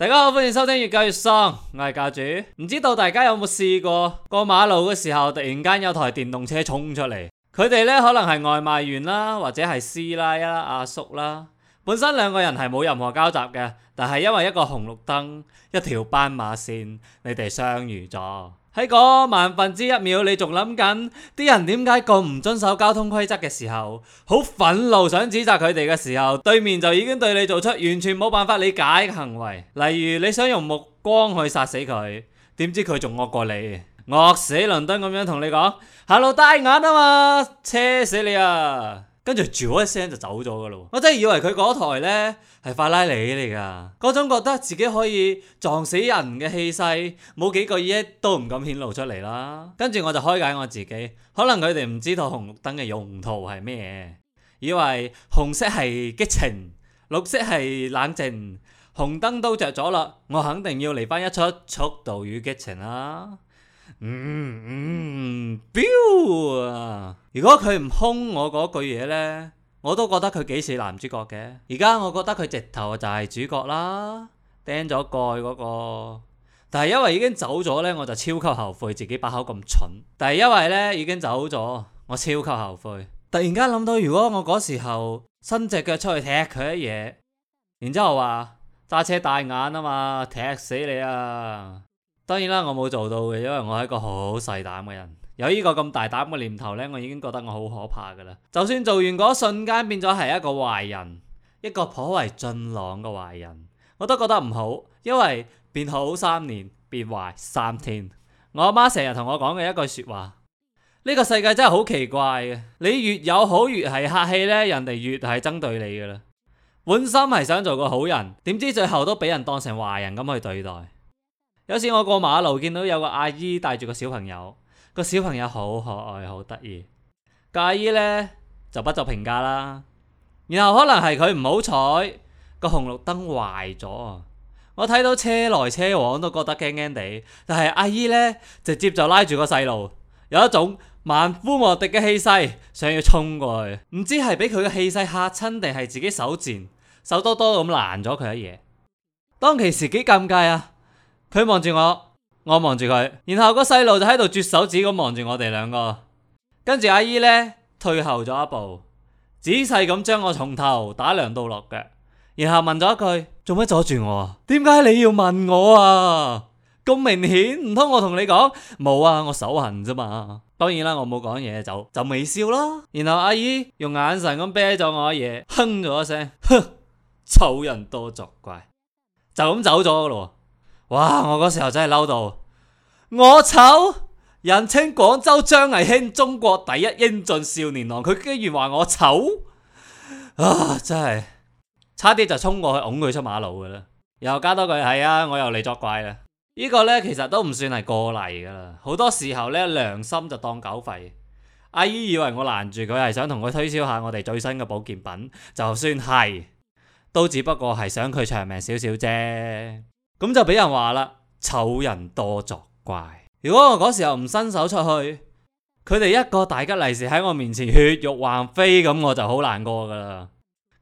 大家好，歡迎收聽粵教粵喪，我係教主。唔知道大家有冇試過過馬路嘅時候，突然間有台電動車衝出嚟，佢哋咧可能係外賣員啦，或者係師奶啦、阿叔啦，本身兩個人係冇任何交集嘅，但係因為一個紅綠燈、一條斑馬線，你哋相遇咗。喺嗰萬分之一秒，你仲諗緊啲人點解咁唔遵守交通規則嘅時候，好憤怒想指責佢哋嘅時候，對面就已經對你做出完全冇辦法理解嘅行為，例如你想用目光去殺死佢，點知佢仲惡過你惡惡，惡死倫敦咁樣同你講，行路帶眼啊嘛，車死你啊！跟住住嗰一聲就走咗噶咯。我真係以為佢嗰台呢係法拉利嚟噶，嗰種覺得自己可以撞死人嘅氣勢，冇幾個億都唔敢顯露出嚟啦。跟住我就開解我自己，可能佢哋唔知道紅燈嘅用途係咩嘢，以為紅色係激情，綠色係冷靜。紅燈都着咗啦，我肯定要嚟翻一出速度與激情啦。嗯嗯，彪、嗯、啊！如果佢唔凶我嗰句嘢呢，我都覺得佢幾似男主角嘅。而家我覺得佢直頭就係主角啦，掟咗蓋嗰、那個。但係因為已經走咗呢，我就超級後悔自己把口咁蠢。但係因為呢，已經走咗，我超級後悔。突然間諗到，如果我嗰時候伸隻腳出去踢佢一嘢，然之後話揸車大眼啊嘛，踢死你啊！當然啦，我冇做到嘅，因為我係一個好細膽嘅人。有呢個咁大膽嘅念頭呢，我已經覺得我好可怕噶啦。就算做完嗰瞬間變咗係一個壞人，一個頗為俊朗嘅壞人，我都覺得唔好，因為變好三年，變壞三天。我阿媽成日同我講嘅一句說話，呢個世界真係好奇怪嘅。你越有好越係客氣呢，人哋越係針對你噶啦。本身係想做個好人，點知最後都俾人當成壞人咁去對待。有次我過馬路，見到有個阿姨帶住個小朋友，個小朋友好可愛，好得意。個阿姨呢，就不作評價啦。然後可能係佢唔好彩個紅綠燈壞咗，我睇到車來車往都覺得驚驚地。但係阿姨呢，直接就拉住個細路，有一種萬夫莫敵嘅氣勢，想要衝過去。唔知係俾佢嘅氣勢嚇親，定係自己手賤手多多咁攔咗佢一嘢。當其時幾尷尬啊！佢望住我，我望住佢，然後個細路就喺度啜手指咁望住我哋兩個，跟住阿姨呢，退後咗一步，仔細咁將我從頭打量到落腳，然後問咗一句：做咩阻住我啊？點解你要問我啊？咁明顯唔通我同你講冇啊？我手痕啫嘛。當然啦，我冇講嘢，就就微笑咯。然後阿姨用眼神咁啤咗我一嘢，哼咗一聲，哼，醜人多作怪，就咁走咗咯。哇！我嗰時候真係嬲到我醜，人稱廣州張藝興，中國第一英俊少年郎，佢居然話我醜啊！真係差啲就衝過去拱佢出馬路噶啦。又加多句係啊，我又嚟作怪啦。呢、這個呢，其實都唔算係個例噶啦，好多時候呢，良心就當狗吠。阿姨以為我攔住佢係想同佢推銷下我哋最新嘅保健品，就算係都只不過係想佢長命少少啫。咁就俾人話啦，醜人多作怪。如果我嗰時候唔伸手出去，佢哋一個大吉利是喺我面前血肉橫飛，咁我就好難過噶啦。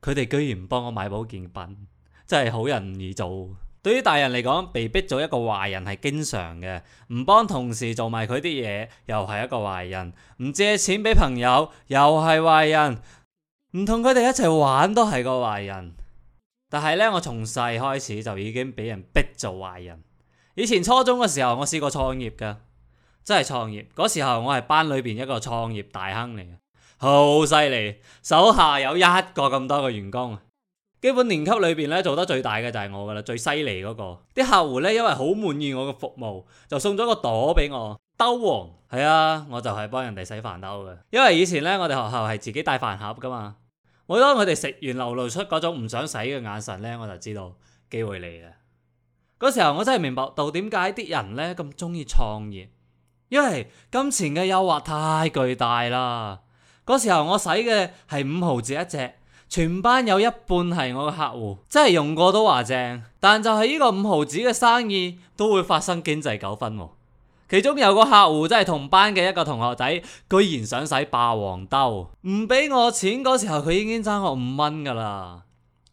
佢哋居然唔幫我買保健品，真係好人唔易做。對於大人嚟講，被逼做一個壞人係經常嘅，唔幫同事做埋佢啲嘢又係一個壞人，唔借錢畀朋友又係壞人，唔同佢哋一齊玩都係個壞人。但係咧，我從細開始就已經俾人逼做壞人。以前初中嘅時候，我試過創業噶，真係創業。嗰時候我係班裏邊一個創業大亨嚟嘅，好犀利，手下有一個咁多嘅員工啊。基本年級裏邊咧，做得最大嘅就係我噶啦，最犀利嗰個。啲客戶咧，因為好滿意我嘅服務，就送咗個朵俾我。兜王係啊，我就係幫人哋洗飯兜嘅，因為以前咧，我哋學校係自己帶飯盒噶嘛。每當佢哋食完流露出嗰種唔想洗嘅眼神呢，我就知道機會嚟啦。嗰時候我真係明白到點解啲人呢咁鍾意創業，因為金錢嘅誘惑太巨大啦。嗰時候我使嘅係五毫子一隻，全班有一半係我嘅客戶，真係用過都話正。但就係呢個五毫子嘅生意都會發生經濟糾紛喎。其中有個客戶，即係同班嘅一個同學仔，居然想使霸王兜，唔俾我錢嗰時候，佢已經爭我五蚊噶啦，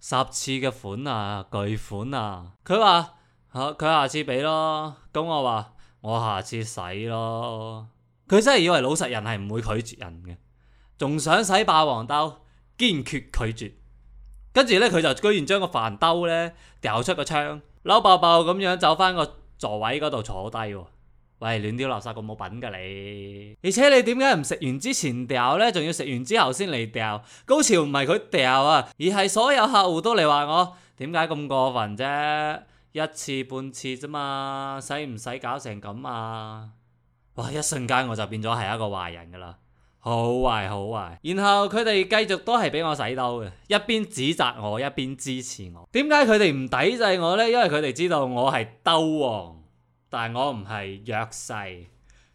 十次嘅款啊，巨款啊！佢話吓，佢下次畀咯，咁我話我下次使咯。佢真係以為老實人係唔會拒絕人嘅，仲想使霸王兜，堅決拒絕。跟住咧，佢就居然將個飯兜咧掉出個窗，嬲爆爆咁樣走翻個座位嗰度坐低喎。喂，亂丟垃圾咁冇品噶你！而且你點解唔食完之前掉呢？仲要食完之後先嚟掉？高潮唔係佢掉啊，而係所有客戶都嚟話我點解咁過分啫？一次半次咋嘛？使唔使搞成咁啊？哇！一瞬間我就變咗係一個壞人噶啦，好壞好壞。然後佢哋繼續都係俾我洗兜嘅，一邊指責我，一邊支持我。點解佢哋唔抵制我呢？因為佢哋知道我係兜王。但我唔係弱勢，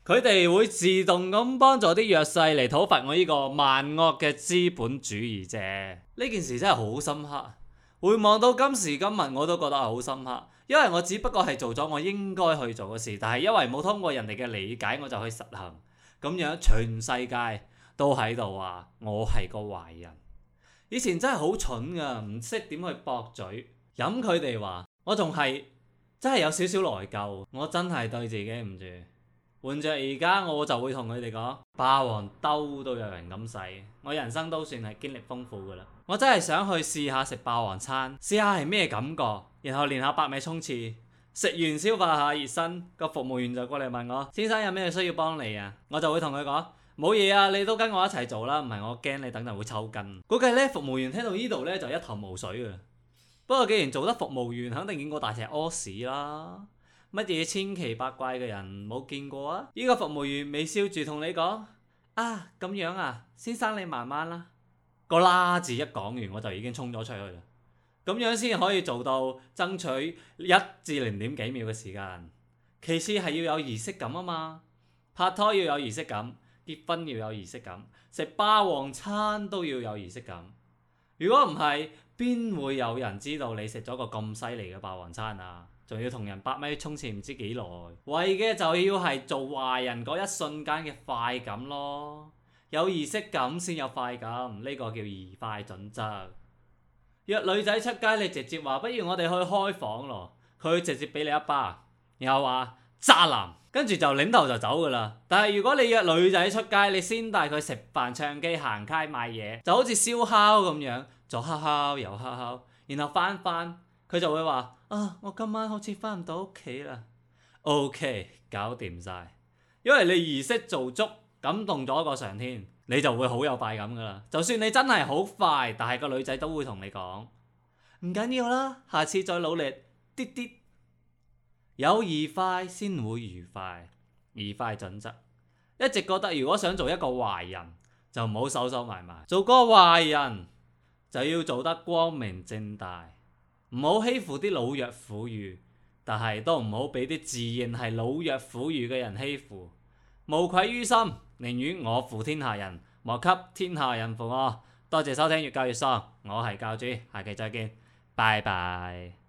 佢哋會自動咁幫助啲弱勢嚟討伐我呢個萬惡嘅資本主義者。呢件事真係好深刻，回望到今時今日我都覺得係好深刻，因為我只不過係做咗我應該去做嘅事，但係因為冇通過人哋嘅理解我就去實行，咁樣全世界都喺度話我係個壞人。以前真係好蠢㗎，唔識點去駁嘴，飲佢哋話我仲係。真係有少少內疚，我真係對自己唔住。換着而家，我就會同佢哋講：霸王兜都有人咁使，我人生都算係經歷豐富噶啦。我真係想去試下食霸王餐，試下係咩感覺，然後練下百米衝刺。食完消化下熱身，個服務員就過嚟問我：先生有咩需要幫你啊？我就會同佢講：冇嘢啊，你都跟我一齊做啦，唔係我驚你等陣會抽筋。估計呢服務員聽到呢度呢，就一頭霧水噶。不過，既然做得服務員，肯定見過大蛇屙屎啦，乜嘢千奇百怪嘅人冇見過啊？依、這個服務員微笑住同你講：啊，咁樣啊，先生你慢慢啦、啊。個啦字一講完，我就已經衝咗出去啦。咁樣先可以做到爭取一至零點幾秒嘅時間。其次係要有儀式感啊嘛，拍拖要有儀式感，結婚要有儀式感，食霸王餐都要有儀式感。如果唔係，邊會有人知道你食咗個咁犀利嘅霸王餐啊？仲要同人百米衝刺唔知幾耐，為嘅就要係做壞人嗰一瞬間嘅快感咯。有儀式感先有快感，呢、這個叫儀快準則。約女仔出街，你直接話不如我哋去開房咯，佢直接俾你一巴，然後話渣男，跟住就擰頭就走㗎喇。但係如果你約女仔出街，你先帶佢食飯、唱 K、行街、買嘢，就好似燒烤咁樣。左敲敲，右敲敲，然後翻翻，佢就會話：啊，我今晚好似翻唔到屋企啦。O.K. 搞掂晒！因為你儀式做足，感動咗個上天，你就會好有快感㗎啦。就算你真係好快，但係個女仔都會同你講，唔緊要啦，下次再努力啲啲。有儀快先會愉快，儀快準則。一直覺得如果想做一個壞人，就唔好收收埋埋做個壞人。就要做得光明正大，唔好欺負啲老弱婦孺，但係都唔好俾啲自認係老弱婦孺嘅人欺負，無愧於心，寧願我負天下人，莫給天下人負我。多謝收聽《粵教粵喪》，我係教主，下期再見，拜拜。